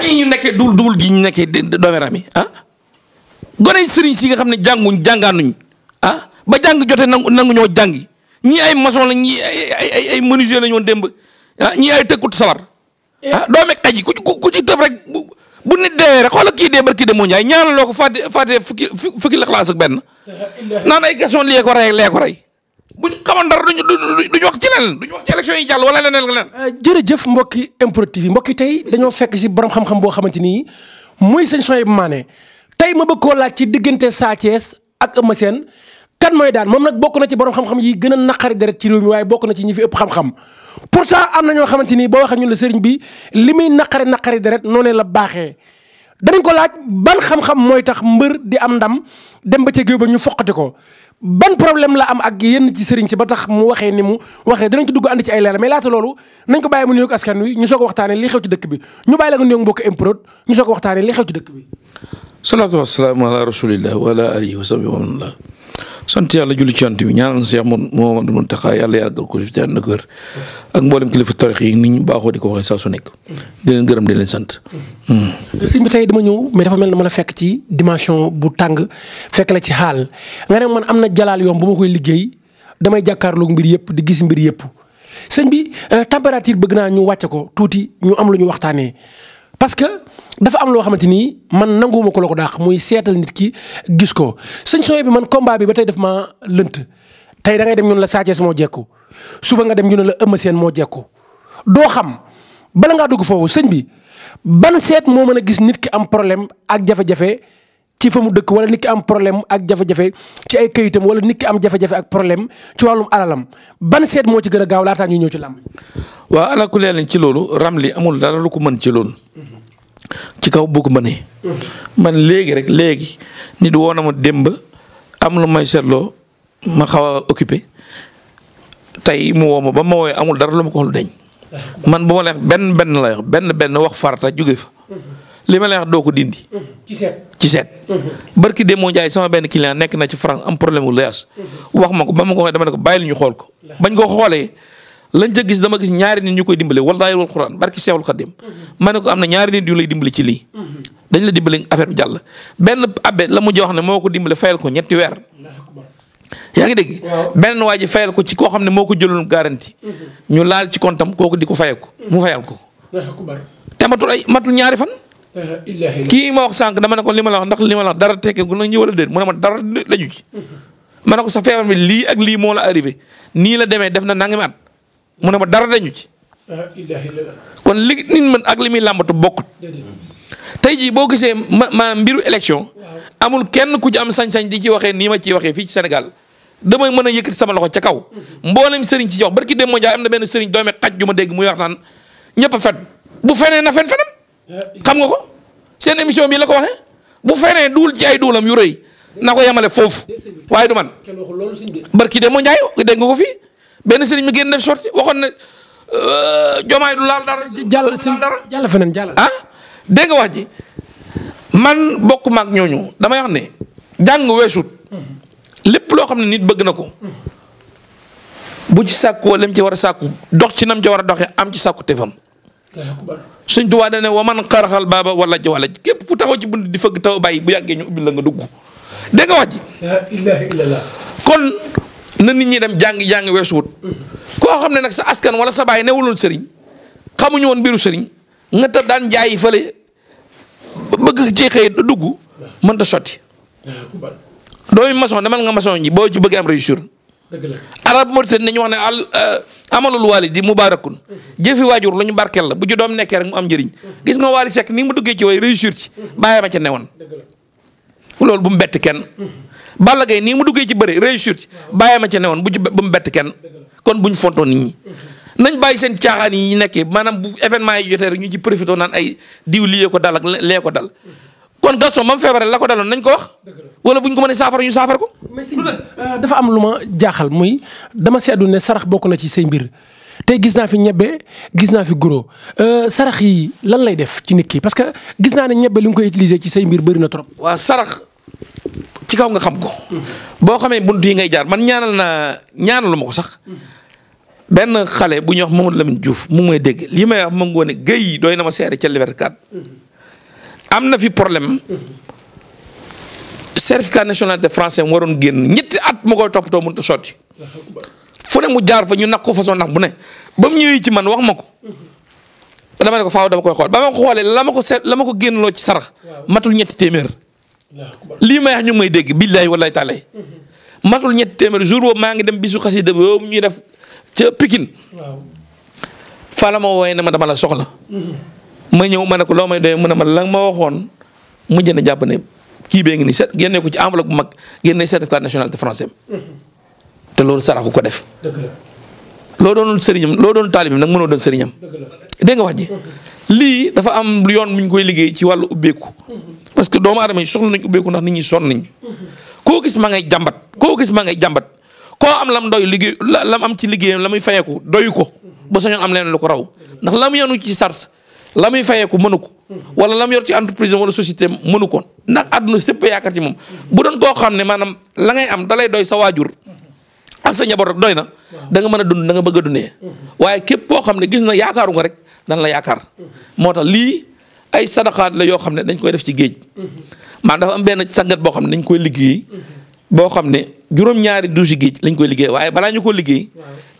gii ñu nekkee duul duul gii ñu nekkee doomeram yi ah gone sëriñ si nga xam ne jànguñ jàngaanuñ ah ba jàng jote nangu nangu ñoo jàngi ñii ay maçon la ñii ay ay ay menuisier la ñoon démb ah ñii ay tëkkut sawar eh. ah doome xaj yi ku ci ku ci tëb rek bu bu nit dee rek xoolal kii dee barki de moo ñaay ñaanaloo ko fàtte fàtte fukki fukki la xalaas benn naan ay question lii ko rey lee ko rey bu ñu xamoon dara duñu ñu wax ci leneen ñu wax ci élection yi jàll wala leneen leneen. Euh, jërëjëf mbokki MPROD TV mbokki tey dañoo fekk si borom xam boo xamante ni muy sëñ Sohaibou Mané tey ma bëgg koo laaj ci diggante saa Thiès ak Eumeu Sène kan mooy daan moom nag bokk na ci borom xam-xam yi gën a naqari deret ci réew mi waaye bokk na ci ñi fi ëpp xam-xam pourtant am na ñoo xamante ni boo waxee ñun la sëriñ bi li muy naqari naqari deret noonu la baaxee. danañ ko laaj ban xam-xam mooy tax mbër di am ndam dem ba ca géew ba ñu foqati ko ban problème la am ak yenn ci sëriñ si ba tax mu waxee ni mu waxee dinañ ci dugg ànd ci ay leeral mais laata loolu nañ ko bàyyi mu nuyoog askan wi ñu soog a waxtaanee li xew ci dëkk bi ñu bàyyi la nga nuyoog mbokk improd ñu soog a waxtaanee li xew ci dëkk bi. salaatu wa salaam ala rasulillah wa ala alihi wa sahbihi wa man sant yàlla julli ci yonent bi ñaanal Cheikh Mouhamadou Mountakha yàlla yàggal ko fi te ànd ak wér ak mboolem kilifa tarix yi ni baaxoo di ko waxee saa su nekk. di leen gërëm di leen sant. Hmm. sëñ bi tey dama ñëw bu tàng fekk la ci xaal nga ne man am na jalaal yoon bu ma koy liggéey damay jàkkaarloog mbir yëpp di gis mbir yëpp sëñ bi euh, température bëgg naa ñu wàcce ko tuuti ñu am lu waxtaanee parce dafa am loo xamante ni man nanguwuma ko la ko dàq muy seetal nit ki gis ko sëñ sooy bi man combat bi ba tey daf ma lënt tey dangay dem ñu la Sa Thiès moo jekku suba nga dem ñu ne la Eumeu Sène moo jekku doo xam bala ngaa dugg foofu sëñ bi ban seet moo mën a gis nit ki am problème ak jafe ci fa mu dëkk wala nit am problème ak jafe ci ay këyitam wala nit ki am jafe ak problème ci wàllum alalam ban seet moo ci gën a gaaw laataa ñuy ñëw ci làmb. waaw ala kulli ci loolu Ramli amul dara lu ko mën ci lool ci kaw bu ma mënee. man léegi rek léegi nit woo na ma démb am lu may seetloo ma xaw a occupé tey mu woo ma ba ma woowee amul dara lu ma ko wax deñ man bu ma leex benn benn la wax benn benn wax farata jóge fa. li ma leex doo ko dindi. ci seet ci seet. barki Demba Ndiaye sama benn client nekk na ci France am problème wu wax ma ko ba ma ko waxee dama ne ko bàyyi lu ñu xool ko. bañ ko xoolee. lañ ca gis dama gis ñaari nit ñu koy dimbale wallaahi wal quran barki seexul xaddim ma ne ko am na ñaari nit yu lay dimbale ci lii dañ la dimbale affaire bi jàll benn abbe la mujj wax ne moo ko dimbale fayal ko ñetti weer yaa ngi dégg benn waa ji fayal ko ci koo xam ne moo ko jëloon garanti mm-hmm. ñu laal ci kontam kooku di ko fayal mu mm-hmm. fayal ko te ay matul ñaari fan kii ma wax sànq dama ne ko li ma la wax ndax li ma la dara tekkee gu la ñëw wala déet mu ne ma dara laju mm-hmm. ma ne ko sa feebar bi lii ak lii moo la arrivé nii la demee def na nangami at mu ne ma dara dañu ci. kon li nit mën ak li muy làmbatu bokkut. tey jii boo gisee ma maanaam mbiru élection amul kenn ku ci am sañ-sañ di ci waxee nii ma ci waxee fii ci senegal damay mën a yëkkati sama loxo ca kaw. mboolem sëriñ ci jox barki dem moo jaay am na benn sëriñ doomi xaj ju ma dégg muy wax naan ñëpp a fen bu fenee na fen fenam xam nga ko seen émission bi la ko waxee bu fenee duul ci ay duulam yu rëy na ko yemale foofu waaye du man barki dem moo jaay dégg nga ko fii. benn sëriñ mi génn def sorti waxoon ne jomaay euh, du laal dara. jàll sëriñ jàll feneen jàll. ah dégg nga wax ji man bokk maag ñooñu damay wax ne jàng weesut lépp loo xam ne nit bëgg na ko bu ci sàkkoo lim ci war a sàkku dox ci nam ci war a doxee am ci sàkku tefam. suñ tuwaa ne wa man xaraxal baaba wala ji wala ji képp ku taxaw ci bunt di fëgg taw bàyyi bu yàggee ñu ubbi la nga dugg dégg nga wax ji. kon na nit ñi dem jàngi jàngi weesuwut koo xam ne nag sa askan wala sa baay newuloon sëriñ xamuñu woon mbiru sëriñ nga tëdd daan jaayi fële bëgg ci xëy dugg mënta sotti. doomi maçon demal nga maçon ji boo ci bëggee am réussir. arab Mauritanie ñu wax ne al euh, amalul di mubaarakun jëfi waajur la ñu barkeel la bu ci doom nekkee rek mu am njëriñ gis nga Waly Seck ni ma duggee ci way réussir ci bàyyi ma ca newoon loolu bu mu bett kenn. Balla Gaye nii mu duggee ci bëre réussir ci bàyyi ma ca newoon bu mu bett kenn kon buñ fontoon nit ñi. nañ bàyyi seen caaxaan yi ñu nekkee maanaam bu événement yi jotee rek ñu ci profité naan ay diw lii ko dal ak lee ko dal. kon Gaston ba mu feebaree la ko daloon nañ ko wax. wala buñ ko mënee saafara ñu saafara ko. Euh, dafa am lu ma jaaxal muy dama seetlu ne sarax bokk na ci seen mbir. tey gis naa fi ñebe gis naa fi goro euh, sarax yi lan lay def ci nit ki parce que gis naa ne ñebe li nga koy utiliser ci say mbir bëri na trop. waaw sarax ci kaw nga xam ko. boo xamee bunt yi ngay jaar man ñaanal naa ñaanalu ma ko sax. benn xale bu ñuy wax Mamadou Lamine Diouf mu ngi dégg li may wax ma géej doy na ma seere ca Liberté na fi problème. certificat national de français mu waroon génn ñetti at ma koy toppatoo mënut a mu jaar fa ñu nax ko façon nax bu ne ba mu ci man wax ma ko. dama ko faaw dama koy xool ba xoolee la ma ko se la ma ko génnloo ci sarax. matul ñetti téeméer. lii may wax ñu ngi may dégg billaahi wallaahi taalay matul ñetti téeméer jour boobu maa ngi dem bisu xasida boobu ñuy def ca Pikine. waaw Fala ma wooyee ne ma dama la soxla. Mm-hmm. ma ñëw ma ne ko loo may doyee mu ne ma la ma waxoon mu jënd jàpp kii bee ngi nii set génne ko ci enveloppe bu mag génne certificat nationalité français mm-hmm. te loolu saraxu ko def. loo doonul sëriñam loo doonul taalibam nag mënoo doon sëriñam. dëgg nga wax ji mm-hmm. lii dafa am yoon bu koy liggéey ci wàllu ubbeeku. parce que doomu aadama yi soxla nañ ubbeeku ndax nit ñi sonn nañ koo gis ma ngay jàmbat koo gis ma ngay jàmbat koo am lam doy liggéey lam am ci liggéeyam la muy fayeeku doyu ko ba sañoon am leen lu ko raw ndax la mu yenu ci sars la muy fayeeku mënu ko wala la mu yor ci entreprise wala société mënu ko ndax àdduna sépp yaakaar ci moom bu doon koo xam ne maanaam la ngay am da doy sa waajur ak sa njaboot rek doy na da nga mën a dund da nga bëgg dundee waaye képp koo xam ne gis na yaakaaru rek dan la yaakaar tax lii ay sadaxaat la yoo xam ne dañ koy def ci géej maanaam dafa am benn sangat boo xam ne dañ koy liggéey boo xam ne juróom-ñaari duusi géej lañ koy liggéey waaye balaa ñu ko liggéey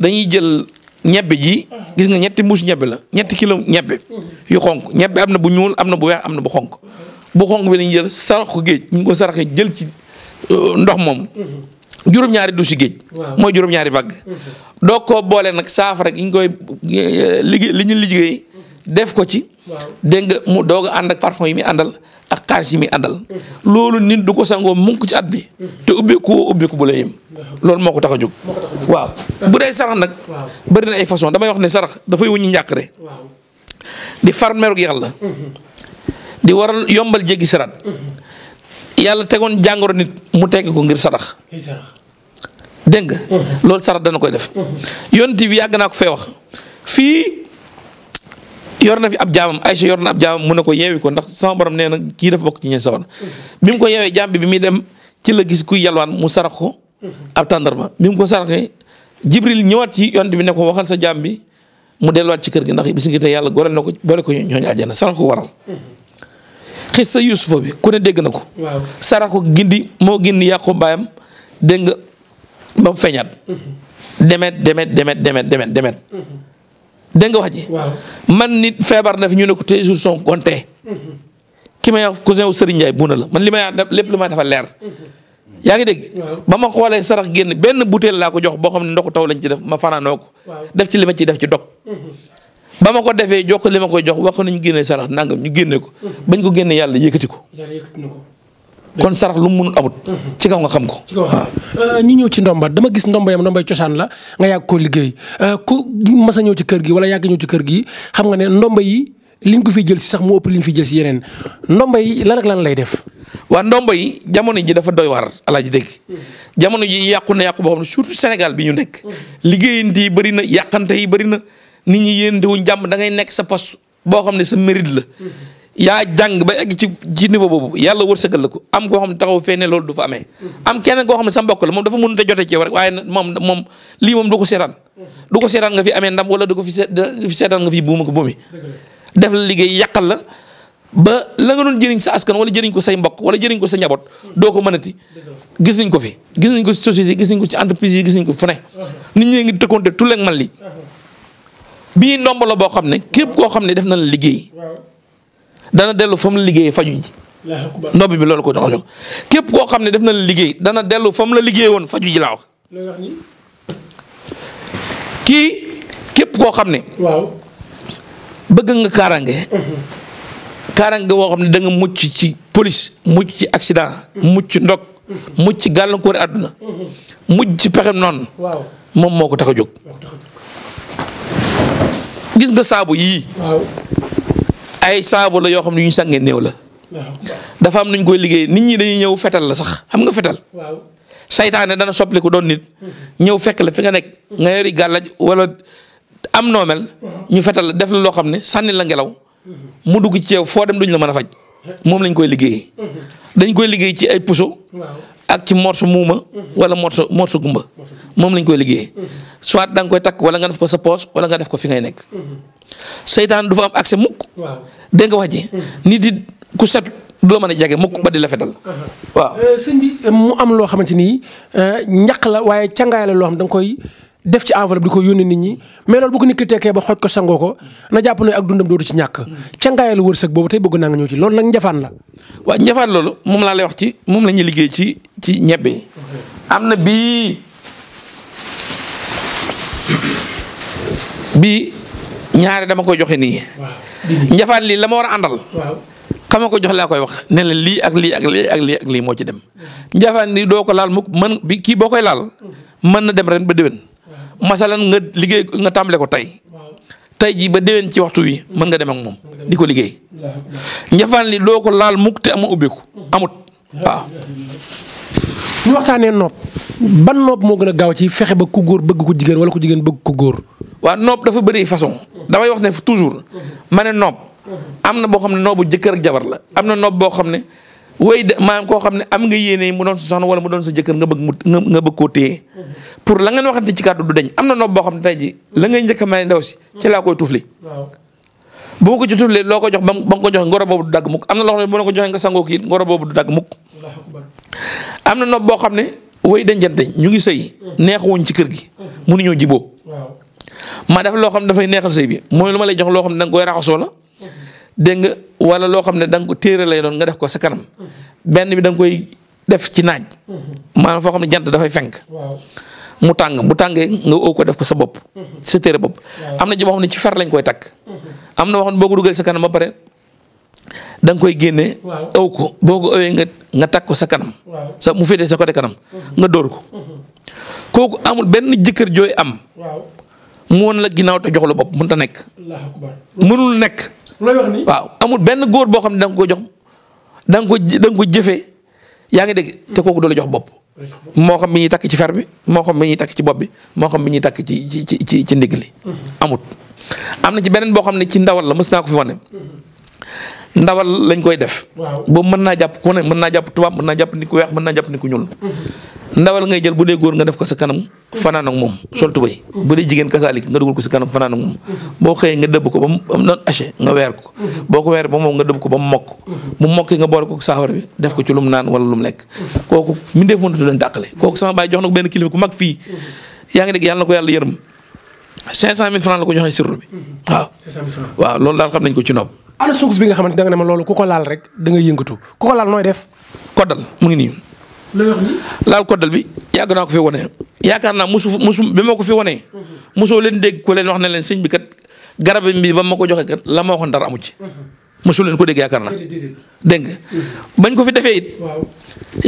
dañuy jël ñebbe ji gis nga ñetti mbuus ñebbe la ñetti kilo ñebbe yu xonk ñebbe am na bu ñuul am na bu weex am na bu xonk bu xonk bi lañu jël sarax ko géej ñu ngi ko saraxee jël ci euh, ndox moom juróom-ñaari duusi géej mooy juróom-ñaari vague doo ko boole nag saafara gi ñu koy euh, liggéey li ñu liggéey def ko ci. dégg nga mu doog a ànd ak parfum yi muy àndal ak xaalis yi muy àndal. Mm-hmm. loolu nit du ko sangoo mukk ci at bi. Mm-hmm. te ubbeeku ubbeeku bu la yem. Mm-hmm. loolu moo ko tax a jóg. waaw ah. bu dee sarax nag. bari na ay façon damay wax ne sarax dafay wuñu njàqare. di far merug yàlla. di waral yombal jéggi saraat. yàlla tegoon jàngoro nit mu tegg ko ngir sarax. dégg nga. loolu sarax dana koy def. yonent bi yàgg naa ko fee wax fii. yor na fi ab jaamam Aysa yor na ab jaamam mu ne ko yeewi ko ndax sama borom nee na kii dafa bokk ci ñe sawar bi mu ko yeewee jaam bi bi muy dem ci la gis kuy yalwaan mu sarax ko ab tàndarma bi mu ko saraxee Jibril ñëwaat ci yonent bi ne ko waxal sa jaam bi mu delluwaat ci kër gi ndax bis ngi te yàlla goreel na ko boole ko ñooñu àjjana sarax ko waral xis sa Yuusufa bi ku ne dégg na ko sarax ko gindi moo gindi yàqu baayam dégg nga ba mu feeñaat mhm. demet demet demet demet demet demet mhm. dégg nga wax ji. man nit feebar na fi ñu ne ko tes jours sont comptés. Mhm. ki may wax cousin wu Serigne Ndiaye buuna la man li ma may lépp lu may dafa leer. Mhm. yaa ngi dégg. ba ma xoolee sarax génn benn butéel laa ko jox boo xam ne ndoxu taw lañ ci def ma fanaanoo ko. def ci li ma ciy def ci dog. Mhm. ba ma ko defee jox li ma koy jox wax nañu génne sarax nangam ñu génne ko. bañ ko génne yàlla yëkkati ko. kon sarax lu mu amut. ci kaw nga xam ko. Euh, ñu ñëw ci ndomba dama gis ndomba yam ndombay cosaan la nga yàgg koo liggéey euh, ku mas a ñëw ci kër gi wala yàgg ñëw ci kër gi xam nga ne ndomba yi liñ ko fi jël si sax mu ëpp liñ fi jël si yeneen ndomba yi lan ak lan lay def. waa ndomba yi jamono ji dafa doy waar alaaji dégg hmm. jamono ji yàqu na yàqu boo xam ne surtout Sénégal bi ñu nekk. Hmm. liggéeyante yi bëri na yàqante yi bëri na nit ñi yéen diwuñ jàmm da ngay nekk sa poste boo xam ne sa mérite la hmm. yaa jàng ba egg ci ci niveau boobu yàlla war la ko am koo xam ne taxaw fee ne loolu du fa amee. am keneen koo xam ne sa mbokk la moom dafa mënut a jotee ci yow rek waaye moom moom lii moom du ko seetaan. du ko seetaan nga fi amee ndam wala du ko fi seetaan nga fi buuma ko buumi. def la liggéey yàqal la ba la nga doon jëriñ sa askan wala jëriñ ko say mbokk wala jëriñ ko sa njaboot. doo ko mënati. gis nañ ko fi gis nañ ko ci société gis nañ ko ci entreprise yi gis nañ ko fu ne. nit ñi ngi tëkkoonte tout le man li bii ndomb la boo xam ne képp koo xam ne def na la liggéey dana dellu fa mu la liggéeyee faju ji ndob bi loolu ko tax a jóg képp koo xam ne def na la liggéey dana dellu fa mu la liggéey woon faju ji laa wax kii képp koo xam ne waaw bëgg nga kaaraange mhm. kaarange boo xam ne danga mucc ci police mucc ci accident mucc mhm. ndog mucc ci mhm. gàllankoor àdduna mucc ci pexem noonu moom moo ko tax a jóg gis nga saabu yii ay saabu la yoo xam ne ñu sàngee néew la. dafa am nuñ koy liggéey nit ñi dañuy ñëw fetal la sax xam nga fetal. waaw saytaane dana soppaliku doon nit. ñëw fekk la fi nga nekk. nga yori gàllaj wala am noomel ñu fetal la def la loo xam ne sànni la ngelaw. mu dugg ci yow foo dem duñ la mën a faj. moom lañ koy liggéeyee. dañ koy liggéey ci ay puso. ak ci morso muuma wala morso morso gumba moom lañ koy liggéeyee soit da nga koy takk wala nga def ko sa poche wala nga def ko fi ngay nekk seytaan du fa am accès mukk dégg nga wax ji hmm. nit di ku set du la mën a jege mukk ba di la fetal uh-huh. waaw euh, sëñ bi euh, mu am loo xamante ni euh, ñaq la waaye cangaay la loo xam da koy def ci enveloppe di ko yónnee nit ñi mais loolu bu ko nit tekkee ba xooj ko sangoo ko na jàpp ne ak dundam dootu ci ñàkk. ca ngaayalu wërsëg boobu tey bëgg naa nga ñëw ci loolu nag njafaan loolu moom laa wax ci moom la ñuy liggéey ci ci ñebe. na bii dama koy joxe nii. lii la ma war a àndal. a ko jox laa koy wax ne lii ak lii ak lii ak lii moo ci dem. njafaan lii doo ko laal mukk mën kii boo koy laal mën na dem ren ba déwén. masalan nga liggéey nga tàmbale ko tey tey jii ba déwén ci waxtu wi mën nga dem ak moom di ko liggéey njafaan li doo ko laal mukk te ama ubbeeku amut waaw ñu waxtaanee nopp ban nopp moo gën a gaaw ci fexe ba ku góor bëgg ko jigéen wala ku jigéen bëgg ko góor waa nopp dafa bari façon damay wax ne toujours ma ne nopp am na boo xam ne noobu jëkkër ak jabar la am na nopp boo xam ne way de maanaam ko xam ne am nga yéene mu doon sa soxna wala mu doon sa jëkkër nga bëgg mu nga bëgg koo téye pour la ngeen waxante ci kàddu du dañ am na nopp boo xam ne tey ji la ngay njëkk a may ndaw si ci laa koy ko ci tuflee loo ko jox ba ba nga ko joxe ngoro boobu du dagg mukk am na loo xam ne ko joxee nga sangoo kii ngoro boobu du am na nopp boo xam ne way dencante ñu ngi sëy woñ ci kër gi mënuñoo jiboo maa def loo xam ne dafay neexal sëy bi mooy lu ma lay jox loo xam ne da koy raxasoo la dégg nga wala loo xam ne da ko téere lay doon nga def ko sa kanam benn bi da koy def ci naaj maanaam foo xam ne jant dafay fenk mu tàng bu tàngee nga oo ko def ko sa bopp sa téere bopp am na ji na ci far lañ koy takk am na boo xam ne sa kanam ba pare da koy génne aw ko boo ko awee nga nga takk ko sa kanam sa mu féetee sa nga dóor ko uhuh. kooku amul benn jëkkër jooy am mu woon la ginnaaw te jox la bopp mun ta nekk. mënul nekk. looy waaw amul benn góor boo xam ne danga nga ko jox da ko da ko jëfee yaa ngi dëgg te kooku du la jox bopp. moo xam bi ñuy takk ci fer bi moo xam bi ñuy takk ci bopp bi moo xam bi ñuy takk ci ci ci ci ndigli mhm. amut am na ci beneen boo xam ne ci ndawal la mës naa ko fi wane. Mhm. ndawal lañ koy def. boobu mën naa jàpp ku ne mën naa jàpp tubaab mën naa jàpp ni ku weex mën naa jàpp ni ku ñuul. Mhm. ndawal ngay jël bu dee góor nga def ko sa kanam fanaan ak moom sol tubéy mhm. bu dee jigéen kasaalik nga dugal ko sa kanam fanaan ak moom mhm. xëyee nga dëbb ko ba mu noon nga weer ko boo ko weer ba moom nga dëbb ko ba mu mokk mu mokki nga boole ko bi def ko ci lu naan wala lu mu lekk kooku mi def mënatu leen tàqale kooku sama baay jox na ko benn kilifa ku mag fii yaa ngi dégg yàlla na ko yàlla yërëm cinq cent mille francs la ko joxee sirru bi waaw waaw loolu daal xam nañ ko ci nopp ana suuf bi nga xamante da ne ma loolu ku ko laal rek da nga yëngatu ku ko laal nooy def. koddal mu ngi nii. laal koddal bi yàgg naa ko fi wone yaakaar naa musu musu bi ma ko fi wone musoo leen dégg ko leen wax ne leen sëñ bi kat garab bi ba ma ko joxee kat la ma waxoon dara amu ci. Mhm. mosul leen ko dégg yaakaar naa dégg nga mm-hmm. bañ ko fi defee it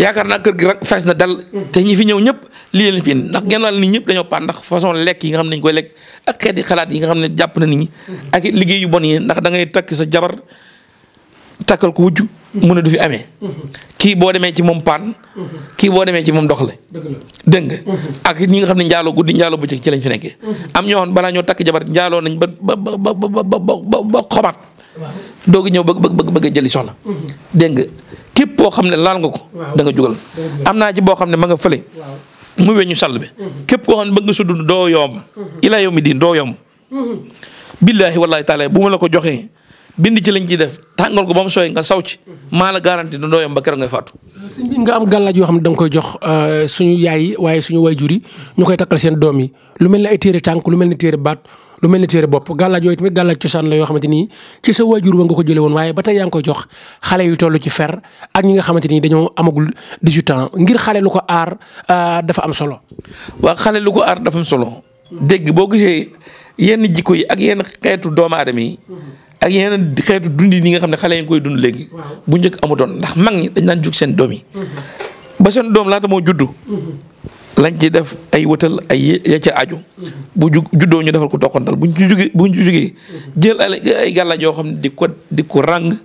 yaakaar naa kër gi rek fees na dal mm-hmm. te ñi fi ñëw ñëpp lii leen fi ndax genn wàll nit ñëpp dañoo paan ndax façon lekk yi nga xam ne dañ koy lekk ak xeeti yi nga xam ne jàpp na nit ñi mm-hmm. ak liggéey yu bon yi ndax da ngay takk sa jabar takkal ko wujj mu ne du fi amee kii boo demee ci moom paan kii boo demee ci moom doxle dégg nga ak ñi nga xam ne njaaloo guddi njaaloo bëccëg ci lañ fi nekkee am ñoo xam balaa ñoo takk jabar njaaloo nañ ba ba ba ba ba xomaat doo a ñëw bëgg bëgg bëgg a jëli soxna. Mhm. dégg nga képp koo xam ne laal nga ko. danga nga jugal am naa ci boo xam ne ma nga fële. mu weñu sàll bi. Mhm. képp koo xam ne bëgg nga su dund doo yomb. Mhm. ilaa yow mi doo yomb. billaahi wallaahi taala bu ma la ko joxee bind ci lañ ciy def tàngal ko ba mu sooy nga saw maa la garanti du ndooyam ba keroog ngay fàttu. am gàllaaj yoo xam ne da nga koy jox euh, suñu yaay waaye suñu wayjur yi ñu koy takkal seen doom yi lu mel ne ay téere tànk lu mel ne téere baat lu mel ne téere bopp gàllaaj yooyu tamit gàllaaj cosaan la yoo xamante ni ci sa wayjur ba nga ko jëlee woon waaye tey yaa ngi jox xale yu toll ci fer ak ñi nga xamante ni dañoo amagul 18 ans ngir xale lu ko aar euh, dafa am solo. waaw xale ko aar dafa solo. dégg boo gisee yenn jikko yi ak yenn xeetu doomu aadama yi ak yeneen xeetu dund yi nga xam ne xale yi nga koy dund léegi. bu njëkk amutoon ndax mag ñi dañ daan jug seen doom mm-hmm. ba seen doom laata moo juddu. Mm-hmm. lañ ci def ay wëtal ay ya ca aju. Mm-hmm. bu ju juddoo ñu defal ko toqantal buñ ci jugee buñ ci jugee. jël ay gàllaaj yoo xam ne di ko di ko ràng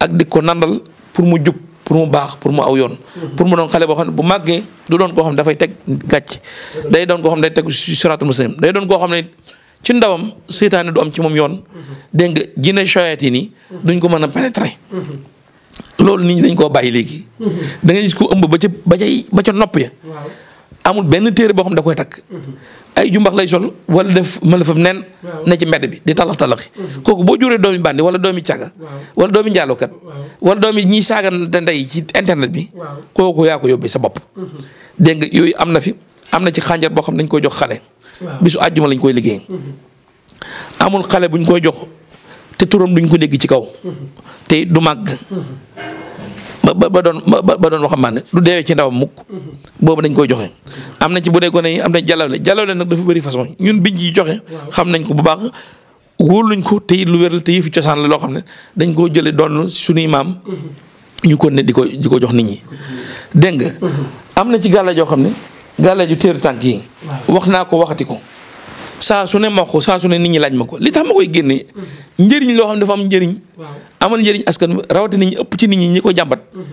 ak di ko nandal pour mu jub pour mu baax pour mu aw yoon. pour mu doon xale boo xam ne bu màggee du doon koo xam ne dafay teg gàcc. day doon koo xam ne day teg siraatul muslim day doon koo xam ne ci ndawam seytaane du am ci moom yoon. dégg nga jinne choyati ni duñ ko mën a pénétrer loolu nit ñi dañ koo bàyyi léegi da gis ko ëmb ba ca ba cay ba ca nopp ya amul benn téere boo xam da koy takk ay jumbax lay sol wala def mëlëfam nen na ci mbedd bi di talax talaxi kooku boo juree doomi bandi wala doomi caga wala doomi njaalookat wala doomi ñiy saagante ndey ci internet bi kooku yaa ko yóbbee sa bopp mhm. dégg nga yooyu am na fi am na ci xànjar boo xam dañ koy jox xale bisu àjjuma lañ koy liggéey mhm. amul xale buñ koy jox te turam duñ ko dégg ci kaw tey du màgg ba ba doon ba doon waxambaane du deewee ci ndawam mukk boobu dañ koy joxe am na ci bu dee gone yi am na jàllale jàllale nag dafa bëri façon ñun biñ ci joxe xam nañ ko bu baax wóoluñ ko te lu wér la cosaan la loo xam ne dañ koo jële doon suñuy maam ñu ko ne di ko di ko jox nit ñi dégg nga am na ci gàlla joo xam ne gàlla ju téeru tànk yi wax naa ko waxati ko saa su ne ma ko saa su ne nit ñi laaj ma ko li tax ma koy génnee njëriñ loo xam ne dafa am njëriñ. amal njëriñ askan wi rawatina ñi ëpp ci nit ñi ñi ko jàmbat. Mhm.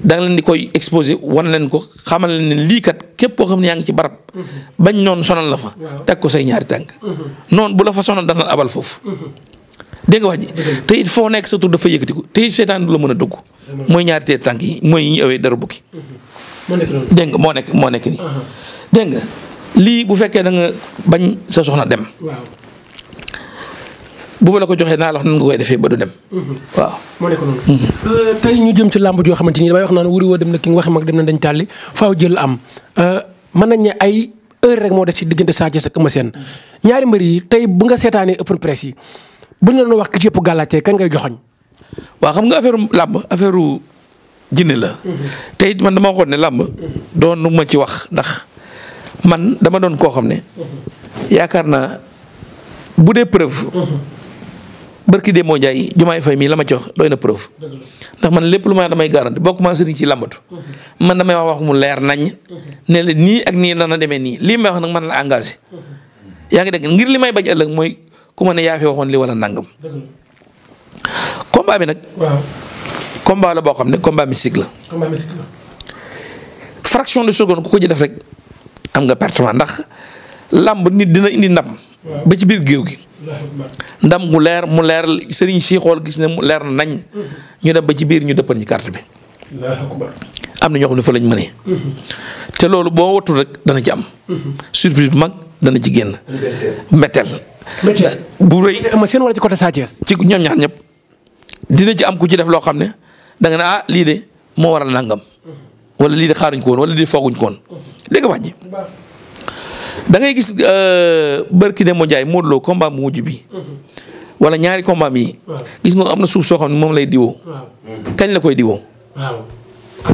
da nga leen di koy exposé wan leen ko xamal leen ne lii kat képp koo xam ne yaa ngi ci barab. Mhm. bañ noonu sonal la fa. teg ko say ñaari tànk. Mhm. noonu bu la fa sonal dana abal foofu. dégg nga wax te it foo nekk sa tur dafa yëkkatiku te it seetaan du la mën a dugg. mooy ñaari teer tànk yi mooy yi ñu ëwee dara bukki. moo moo nekk moo nekk nii uh-huh. lii bu fekkee nanga nga bañ sa soxna dem. waaw bu ma la ko joxee naa la nan nga koy defee ba du dem. Mm-hmm. waaw moo nekk noonu. Mm-hmm. Euh, ñu jëm ci làmb joo xamante ni damay wax naan wuri woo dem na ki nga waxe mag dem na dañ tàlli faaw jël am euh, mën nañ ne ay rek moo def ci diggante Sa Thiès ak ñaari mbër yi tey bu nga seetaanee open press yi bu ñu doon wax ki ci yëpp gàllaatee kan ngay joxoñ waaw xam nga affaire làmb affaire jinne la. Mm-hmm. tey man dama waxoon ne làmb doon nu ma ci wax ndax. man dama doon koo xam ne yaakaar naa bu dee preuve barki dee moo jaay jumaay fay mii la ma jox doy na preuve ndax man lépp lu ma damay garanti bokk ma sëriñ ci làmbatu man damay wax wax mu leer nañ ne la nii ak nii dana demee nii lii may wax la engagé yaa ngi dégg ngir li may bañ ëllëg mooy ku man ne yaa fi waxoon li wala nangam. combat bi nag. waaw la boo xam ne combat mystique la. combat la. fraction de seconde ku ko ci def rek. am nga pertement ndax làmb nit dina indi ndam. ci biir géew gi. mu leer mu leer sëriñ si xool gis ne mu leer nañ. ñu dem ba ci biir ñu dëppal ñu na ñoo xam ne fa lañ mënee. te loolu boo watul rek dana ci am. surprise bu mag dana ci génn. bu rëy am seen wala ci côté Sa ci ñoom ñaar dina ci am ku ci def loo xam ne da ne ah lii de moo waral nangam. wala lii de xaaruñ ko woon wala lii fooguñ ko woon dégg nga wax ji gis euh, barki de mojaay Modou Lo combat mu mujj bi wala ñaari combat yi gis nga am na suuf soo xam ne moom lay diwoo. kañ la koy diwoo. waaw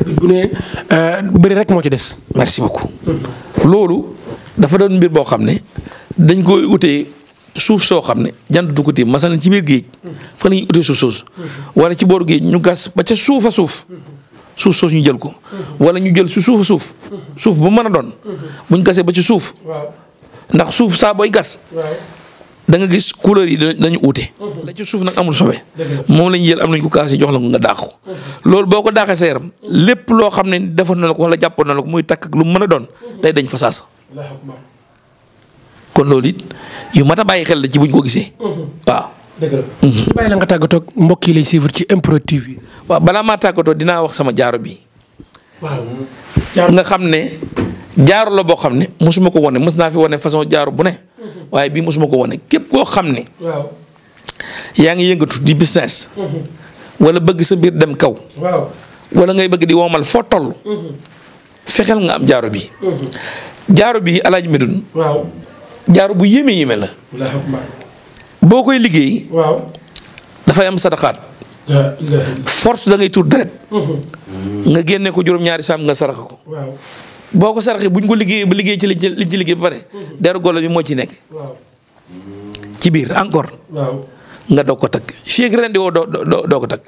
bu euh, moo ci des. merci beaucoup. Mm-hmm. loolu dafa doon mbir boo xam ne dañ koy utee suuf soo xam ne jant du ko ci biir géej. Mm-hmm. fa la ñuy utee suuf soosu. Mm-hmm. ci booru géej ñu gas ba ca suufa suuf. suuf soosu ñu jël ko. wala ñu jël si suufu suuf. suuf bu mën a doon. buñ gasee ba ci suuf. ndax suuf saa booy gas. da nga gis couleur yi dañu uute. la ci suuf nag amul sobe. moom la ñu jël am nañ ko kaas yi jox la ko nga dàq lool boo ko daaxee sa yaram lépp loo xam ne defoon na la ko wala jàppoon na la ko muy takk ak lu mën a doon day dañ fa saasa. kon loolu it yu mat a bàyyi xel la ci buñ ko gisee. waaw. dëgg la. Mhm. ñu bàyyi nga tàggatoo mbokk yi lay suivre ci MPROD TV. waaw balaa maa tàggatoo dinaa wax sama jaaro bi. nga xam ne jaaro la boo xam ne mosuma ko wane mos naa fi wone façon jaaro bu ne. Mhm. waaye bii mosuma ko wane képp koo xam ne. yaa ngi yëngatu di business. Mhm. wala bëgg sa mbir dem kaw. waaw wala ngay bëgg di woomal foo toll. fexeel nga am jaaro bi. jaaro bi Alaaji Medoune. jaaro bu yéeme yéeme la. boo koy liggéey. waaw dafay am sadaxaat. force da ngay tuur deret. Mm-hmm. nga génne ko juróom-ñaari saam nga sarax ko. waaw boo ko saraxee buñ ko liggéey ba liggéey ci liñ ci liñ ci liggéey ba pare. Mm-hmm. deru golo bi moo ci nekk. ci biir encore. nga doog ko takk fii ren di woo doo ko takk.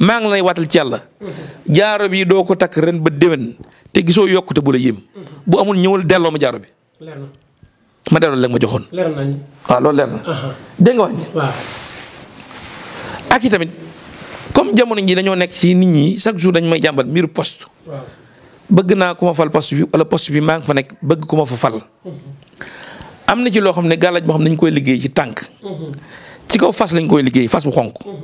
maa ngi lay waatal ci yàlla. Mm-hmm. jaaro bi doo ko takk ren ba déwén te gisoo yokkute bu la yéem. bu amul ñëwal delloo ma jaaro bi. ma delloo la ma joxoon. leer nañ waaw loolu leer na. dégg wàññi. ak i comme jamono ji dañoo nekk ci nit ñi chaque jour dañ may jàmbal mbiru poste. waaw bëgg naa ku ma fal poste bi wala poste bi maa ngi fa nekk bëgg ku ma fa fal. Mhm. am na ci loo xam ne gàllaaj boo xam ne dañ koy liggéey ci tànk. Mhm. ci kaw fas lañ koy liggéey fas bu xonk. Mhm.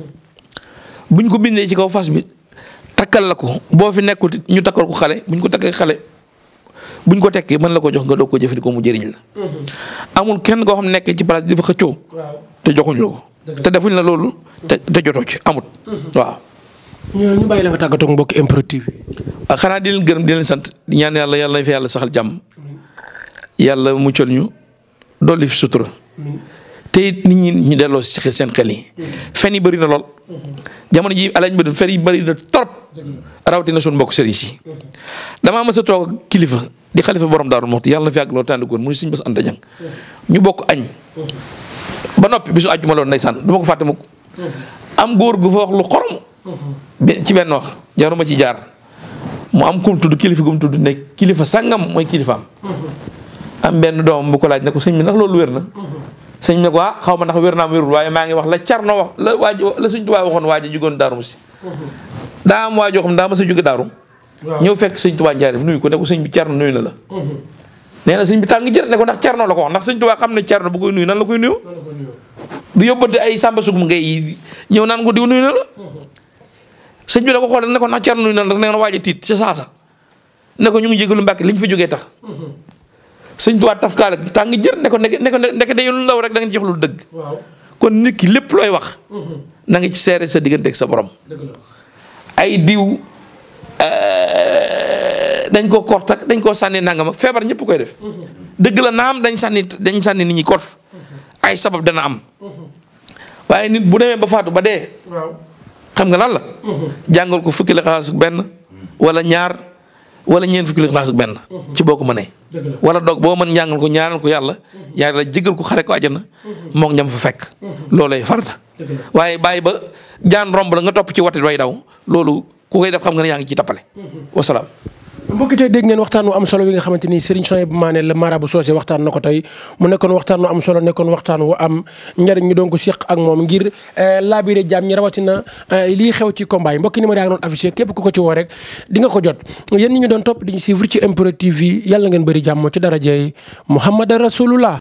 buñ ko bindee ci kaw fas bi takkal la ko boo fi nekkul ñu takkal ko xale buñ ko takkee xale. buñ ko tekkee mën la ko jox nga doog ko jëfandikoo mu jëriñ la. Mm-hmm. amul kenn koo xam nekk ci place bi dafa xëccoo. te joxuñ la ko. te defuñ la loolu. te te jotoo ci amut. Mm-hmm. waaw. ñooñu ñu bàyyi la nga tàggatoo ak mbokki MPROD TV. ah xanaa di gërëm di leen sant di ñaan yàlla yàlla na fi yàlla saxal jàmm. Mm-hmm. yàlla muccal ñu dolli fi sutura. te nit ñi ñu delloo si seen xel yi. fen yi bari na lool. jamono ji alañ bi fen yi bëri na trop. rawatina suñu mbokk sëriñ si. damaa mës toog kilifa di xalifa borom Daaru Muxti yàlla na fi yàgg loolu tàndikoon mu ne suñu bés anta ñu bokk añ. noppi bisu àjjuma loolu ndeysaan du ko fàtte mukk am góor gu fa wax lu xorom. ci benn wax jaruma ci jaar. mu am kum tudd kilifa gum tudd ne kilifa sangam mooy kilifaam. am benn doomam bu ko laaj ne ko sëñ bi ndax loolu wér na. sëñ ne ko ah xaw ma ndax wér naa am waaye maa ngi wax la carno wax la waaj la sëñ Tuubaa waxoon waaja jugoon daaru musi daa am waajoo xam ma sa jóge daaru ñëw fekk sëñ Tuubaa njaarim ko ne ko sëñ bi carno nuyu na la mhm. nee na sëñ bi tàng jër ne ko ndax carno la ko ndax sëñ Tuubaa xam ne carno bu koy nuyu nan koy nuyu du yóbbante ay sàmba sugum ngay ñëw naan ko diw nuyu na mhm. bi da ko ne ko ndax carno nuyu na la rek nee na waaja tiit ci saasa ne ko ñu ngi lu mbàkk liñ fa jógee tax mhm. sëñ Tuubaa tafkaala tàng jër ne ko ne ko ndeke day lu ndaw rek da ngeen jox lu dëgg. kon nit ki lépp looy wax. Mm-hmm. na nga ci seere sa diggante ak sa borom. ay diw euh, dañ koo kort ak dañ koo sànni nangam ak feebar ñëpp koy def. Mm-hmm. dëgg la naam dañ sànni dañ sànni nit ñi kort. Mm-hmm. ay sabab dana am. waaye nit bu demee ba faatu ba dee. xam nga lan la. jàngal ko fukki la xalaas ak benn. wala ñaar wala ñeent fukki la xalaas ak benn. ci boo ko mënee. wala doog boo mën ñàngal ko ñaanal ko yàlla yàlla jéggal ko xare ko àjjana mhm. moog ñam fa fekk mhm. loolay farata waaye bàyyi ba jaan romb la nga topp ci watit way daw loolu ku koy def xam nga ne yaa ngi ci tappale mhm. wasalaam mbokki tey dégg ngeen waxtaan wu am solo wi nga xamante ni Serigne Souhaïbou Mané la marabu soosé waxtaan na ko tey mu nekkoon waxtaan wu am solo nekkoon waxtaan wu am njariñ ñu doon ko seq ak moom ngir eh, laabiré jaam ñi rawatina eh, lii xew ci combat yi mbokki numéro yaa ngi doon képp ku ko ci woo rek di nga ko jot yéen ñi ñu doon topp di ñu suivre ci MPROD TV yàlla ngeen bëri jàmm ci darajey Muhammad Rasulullah